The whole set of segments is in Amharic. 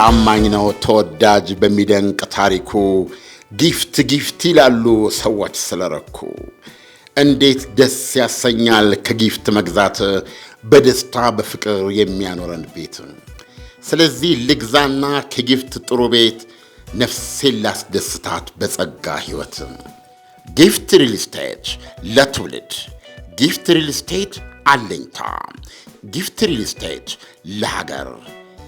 ታማኝ ነው ተወዳጅ በሚደንቅ ታሪኩ ጊፍት ጊፍት ይላሉ ሰዎች ስለረኩ። እንዴት ደስ ያሰኛል ከጊፍት መግዛት በደስታ በፍቅር የሚያኖረን ቤት። ስለዚህ ልግዛና ከጊፍት ጥሩ ቤት ነፍሴን ላስደስታት በጸጋ ሕይወት። ጊፍት ሪል ስቴት ለትውልድ ጊፍት ሪል ስቴት አለኝታ ጊፍት ሪል ስቴት ለሀገር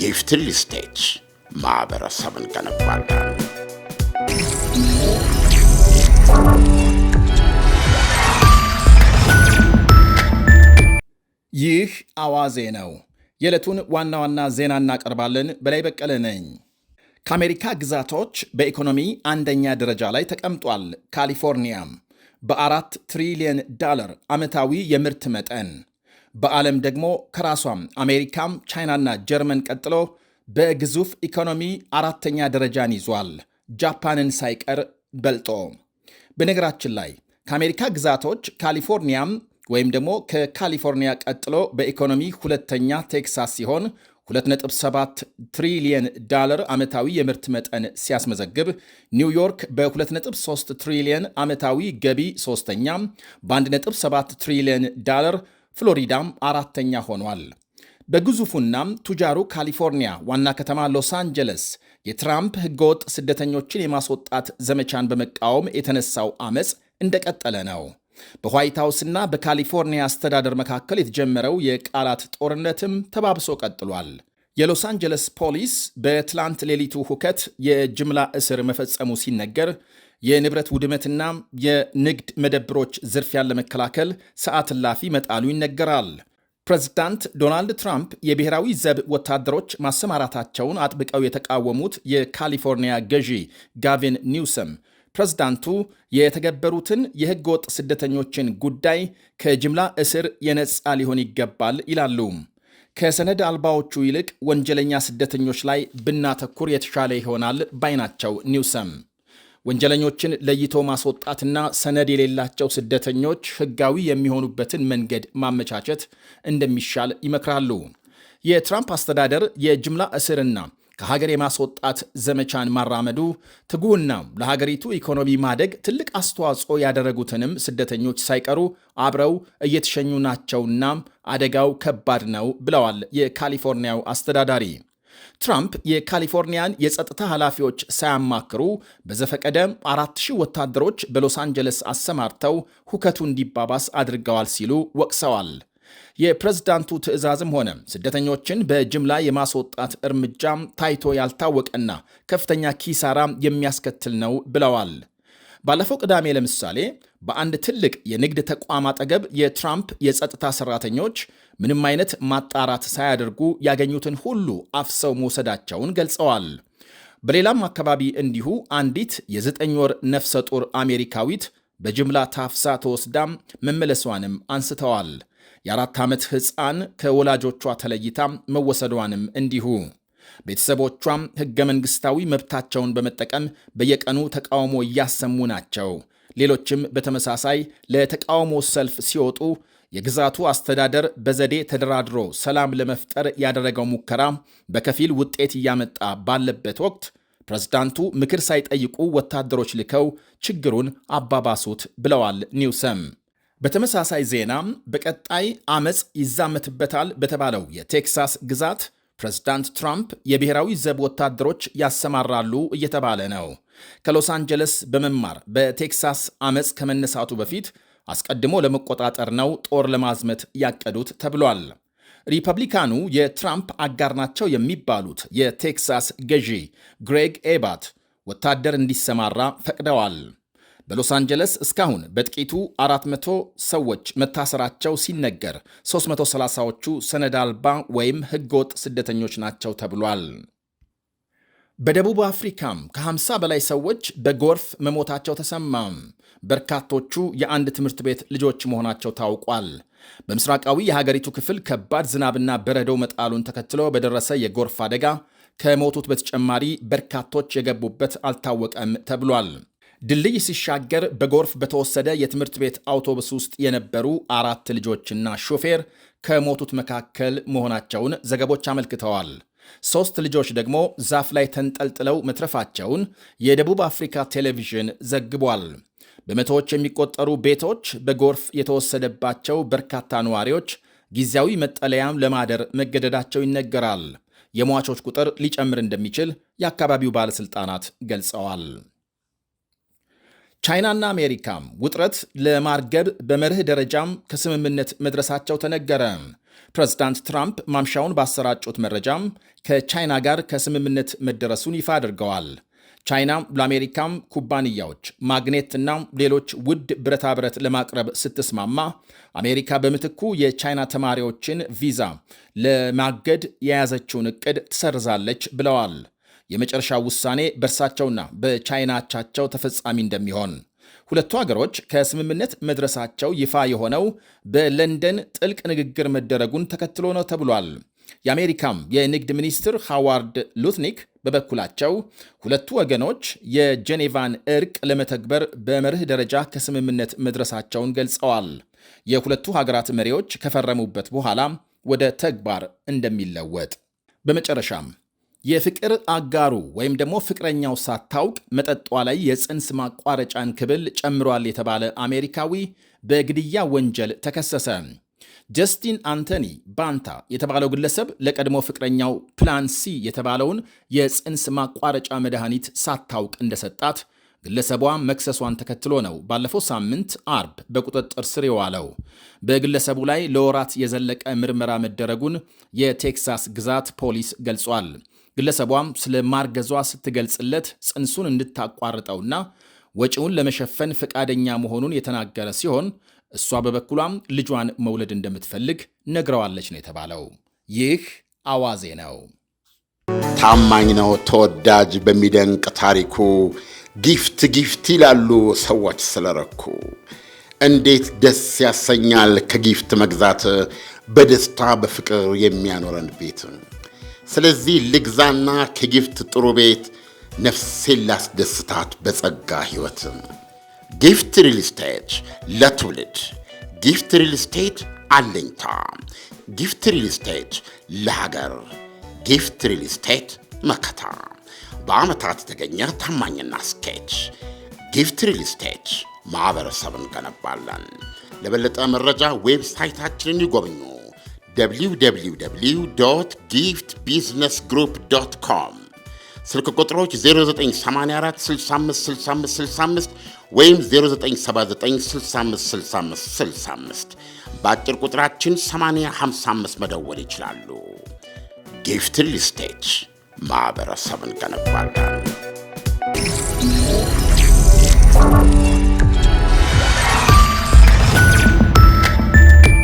ጊፍትል ስቴት ማህበረሰብን ገነባለን። ይህ አዋዜ ነው። የዕለቱን ዋና ዋና ዜና እናቀርባለን። በላይ በቀለ ነኝ። ከአሜሪካ ግዛቶች በኢኮኖሚ አንደኛ ደረጃ ላይ ተቀምጧል ካሊፎርኒያም በአራት ትሪሊየን ዳለር ዓመታዊ የምርት መጠን በዓለም ደግሞ ከራሷም አሜሪካም ቻይናና ጀርመን ቀጥሎ በግዙፍ ኢኮኖሚ አራተኛ ደረጃን ይዟል፣ ጃፓንን ሳይቀር በልጦ። በነገራችን ላይ ከአሜሪካ ግዛቶች ካሊፎርኒያም ወይም ደግሞ ከካሊፎርኒያ ቀጥሎ በኢኮኖሚ ሁለተኛ ቴክሳስ ሲሆን 2.7 ትሪሊየን ዳላር ዓመታዊ የምርት መጠን ሲያስመዘግብ ኒውዮርክ በ2.3 ትሪሊየን ዓመታዊ ገቢ ሶስተኛ በ1.7 ትሪሊየን ዳለር ፍሎሪዳም አራተኛ ሆኗል። በግዙፉናም ቱጃሩ ካሊፎርኒያ ዋና ከተማ ሎስ አንጀለስ የትራምፕ ህገወጥ ስደተኞችን የማስወጣት ዘመቻን በመቃወም የተነሳው አመፅ እንደቀጠለ ነው። በዋይት ሀውስና በካሊፎርኒያ አስተዳደር መካከል የተጀመረው የቃላት ጦርነትም ተባብሶ ቀጥሏል። የሎስ አንጀለስ ፖሊስ በትላንት ሌሊቱ ሁከት የጅምላ እስር መፈጸሙ ሲነገር የንብረት ውድመትና የንግድ መደብሮች ዝርፊያን ለመከላከል ሰዓት እላፊ መጣሉ ይነገራል። ፕሬዚዳንት ዶናልድ ትራምፕ የብሔራዊ ዘብ ወታደሮች ማሰማራታቸውን አጥብቀው የተቃወሙት የካሊፎርኒያ ገዢ ጋቪን ኒውሰም ፕሬዝዳንቱ የተገበሩትን የሕገ ወጥ ስደተኞችን ጉዳይ ከጅምላ እስር የነፃ ሊሆን ይገባል ይላሉ። ከሰነድ አልባዎቹ ይልቅ ወንጀለኛ ስደተኞች ላይ ብናተኩር የተሻለ ይሆናል ባይናቸው ኒውሰም። ወንጀለኞችን ለይቶ ማስወጣትና ሰነድ የሌላቸው ስደተኞች ህጋዊ የሚሆኑበትን መንገድ ማመቻቸት እንደሚሻል ይመክራሉ። የትራምፕ አስተዳደር የጅምላ እስርና ከሀገር የማስወጣት ዘመቻን ማራመዱ ትጉህና ለሀገሪቱ ኢኮኖሚ ማደግ ትልቅ አስተዋጽኦ ያደረጉትንም ስደተኞች ሳይቀሩ አብረው እየተሸኙ ናቸውና አደጋው ከባድ ነው ብለዋል የካሊፎርኒያው አስተዳዳሪ። ትራምፕ የካሊፎርኒያን የጸጥታ ኃላፊዎች ሳያማክሩ በዘፈቀደ አራት ወታደሮች በሎስ አንጀለስ አሰማርተው ሁከቱ እንዲባባስ አድርገዋል ሲሉ ወቅሰዋል። የፕሬዝዳንቱ ትዕዛዝም ሆነ ስደተኞችን በጅምላ የማስወጣት እርምጃም ታይቶ ያልታወቀና ከፍተኛ ኪሳራ የሚያስከትል ነው ብለዋል። ባለፈው ቅዳሜ ለምሳሌ በአንድ ትልቅ የንግድ ተቋም አጠገብ የትራምፕ የጸጥታ ሰራተኞች ምንም አይነት ማጣራት ሳያደርጉ ያገኙትን ሁሉ አፍሰው መውሰዳቸውን ገልጸዋል። በሌላም አካባቢ እንዲሁ አንዲት የዘጠኝ ወር ነፍሰ ጡር አሜሪካዊት በጅምላ ታፍሳ ተወስዳም መመለሷንም አንስተዋል። የአራት ዓመት ሕፃን ከወላጆቿ ተለይታ መወሰዷንም እንዲሁ ቤተሰቦቿም ህገ መንግስታዊ መብታቸውን በመጠቀም በየቀኑ ተቃውሞ እያሰሙ ናቸው። ሌሎችም በተመሳሳይ ለተቃውሞ ሰልፍ ሲወጡ የግዛቱ አስተዳደር በዘዴ ተደራድሮ ሰላም ለመፍጠር ያደረገው ሙከራ በከፊል ውጤት እያመጣ ባለበት ወቅት ፕሬዝዳንቱ ምክር ሳይጠይቁ ወታደሮች ልከው ችግሩን አባባሱት ብለዋል ኒውሰም። በተመሳሳይ ዜና በቀጣይ አመፅ ይዛመትበታል በተባለው የቴክሳስ ግዛት ፕሬዝዳንት ትራምፕ የብሔራዊ ዘብ ወታደሮች ያሰማራሉ እየተባለ ነው። ከሎስ አንጀለስ በመማር በቴክሳስ አመፅ ከመነሳቱ በፊት አስቀድሞ ለመቆጣጠር ነው ጦር ለማዝመት ያቀዱት ተብሏል። ሪፐብሊካኑ የትራምፕ አጋር ናቸው የሚባሉት የቴክሳስ ገዢ ግሬግ ኤባት ወታደር እንዲሰማራ ፈቅደዋል። በሎስ አንጀለስ እስካሁን በጥቂቱ 400 ሰዎች መታሰራቸው ሲነገር 330ዎቹ ሰነድ አልባ ወይም ህገወጥ ስደተኞች ናቸው ተብሏል። በደቡብ አፍሪካም ከ50 በላይ ሰዎች በጎርፍ መሞታቸው ተሰማም። በርካቶቹ የአንድ ትምህርት ቤት ልጆች መሆናቸው ታውቋል። በምስራቃዊ የሀገሪቱ ክፍል ከባድ ዝናብና በረዶው መጣሉን ተከትሎ በደረሰ የጎርፍ አደጋ ከሞቱት በተጨማሪ በርካቶች የገቡበት አልታወቀም ተብሏል። ድልድይ ሲሻገር በጎርፍ በተወሰደ የትምህርት ቤት አውቶቡስ ውስጥ የነበሩ አራት ልጆችና ሾፌር ከሞቱት መካከል መሆናቸውን ዘገቦች አመልክተዋል። ሦስት ልጆች ደግሞ ዛፍ ላይ ተንጠልጥለው መትረፋቸውን የደቡብ አፍሪካ ቴሌቪዥን ዘግቧል። በመቶዎች የሚቆጠሩ ቤቶች በጎርፍ የተወሰደባቸው በርካታ ነዋሪዎች ጊዜያዊ መጠለያም ለማደር መገደዳቸው ይነገራል። የሟቾች ቁጥር ሊጨምር እንደሚችል የአካባቢው ባለሥልጣናት ገልጸዋል። ቻይናና አሜሪካም ውጥረት ለማርገብ በመርህ ደረጃም ከስምምነት መድረሳቸው ተነገረ። ፕሬዝዳንት ትራምፕ ማምሻውን ባሰራጩት መረጃም ከቻይና ጋር ከስምምነት መደረሱን ይፋ አድርገዋል። ቻይና ለአሜሪካም ኩባንያዎች ማግኔትና ሌሎች ውድ ብረታ ብረት ለማቅረብ ስትስማማ አሜሪካ በምትኩ የቻይና ተማሪዎችን ቪዛ ለማገድ የያዘችውን ዕቅድ ትሰርዛለች ብለዋል። የመጨረሻ ውሳኔ በእርሳቸውና በቻይናቻቸው ተፈጻሚ እንደሚሆን ሁለቱ ሀገሮች ከስምምነት መድረሳቸው ይፋ የሆነው በለንደን ጥልቅ ንግግር መደረጉን ተከትሎ ነው ተብሏል። የአሜሪካም የንግድ ሚኒስትር ሃዋርድ ሉትኒክ በበኩላቸው ሁለቱ ወገኖች የጄኔቫን እርቅ ለመተግበር በመርህ ደረጃ ከስምምነት መድረሳቸውን ገልጸዋል። የሁለቱ ሀገራት መሪዎች ከፈረሙበት በኋላ ወደ ተግባር እንደሚለወጥ በመጨረሻም የፍቅር አጋሩ ወይም ደግሞ ፍቅረኛው ሳታውቅ መጠጧ ላይ የፅንስ ማቋረጫን ክብል ጨምሯል የተባለ አሜሪካዊ በግድያ ወንጀል ተከሰሰ። ጀስቲን አንቶኒ ባንታ የተባለው ግለሰብ ለቀድሞ ፍቅረኛው ፕላን ሲ የተባለውን የፅንስ ማቋረጫ መድኃኒት ሳታውቅ እንደሰጣት ግለሰቧ መክሰሷን ተከትሎ ነው ባለፈው ሳምንት አርብ በቁጥጥር ስር የዋለው። በግለሰቡ ላይ ለወራት የዘለቀ ምርመራ መደረጉን የቴክሳስ ግዛት ፖሊስ ገልጿል። ግለሰቧም ስለ ማርገዟ ስትገልጽለት ጽንሱን እንድታቋርጠውና ወጪውን ለመሸፈን ፈቃደኛ መሆኑን የተናገረ ሲሆን እሷ በበኩሏም ልጇን መውለድ እንደምትፈልግ ነግረዋለች ነው የተባለው። ይህ አዋዜ ነው። ታማኝ ነው። ተወዳጅ በሚደንቅ ታሪኩ ጊፍት ጊፍት ይላሉ ሰዎች ስለረኩ። እንዴት ደስ ያሰኛል ከጊፍት መግዛት በደስታ በፍቅር የሚያኖረን ቤት ስለዚህ ልግዛና ከጊፍት ጥሩ ቤት ነፍሴን ላስደስታት በጸጋ ሕይወትም። ጊፍት ሪል ስቴት ለትውልድ ጊፍት ሪል ስቴት አለኝታ፣ ጊፍት ሪል ስቴት ለሀገር፣ ጊፍት ሪል ስቴት መከታ፣ በዓመታት የተገኘ ታማኝና ስኬች። ጊፍት ሪል ስቴት ማኅበረሰብን እንገነባለን። ለበለጠ መረጃ ዌብሳይታችንን ይጎብኙ። www ጊፍት ቢዝነስ ግሩፕ ዶት ኮም ስልክ ቁጥሮች 0984656565 ወይም 0979656565 በአጭር ቁጥራችን 855 መደወል ይችላሉ። ጊፍት ሪል ማኅበረሰብን ከነባል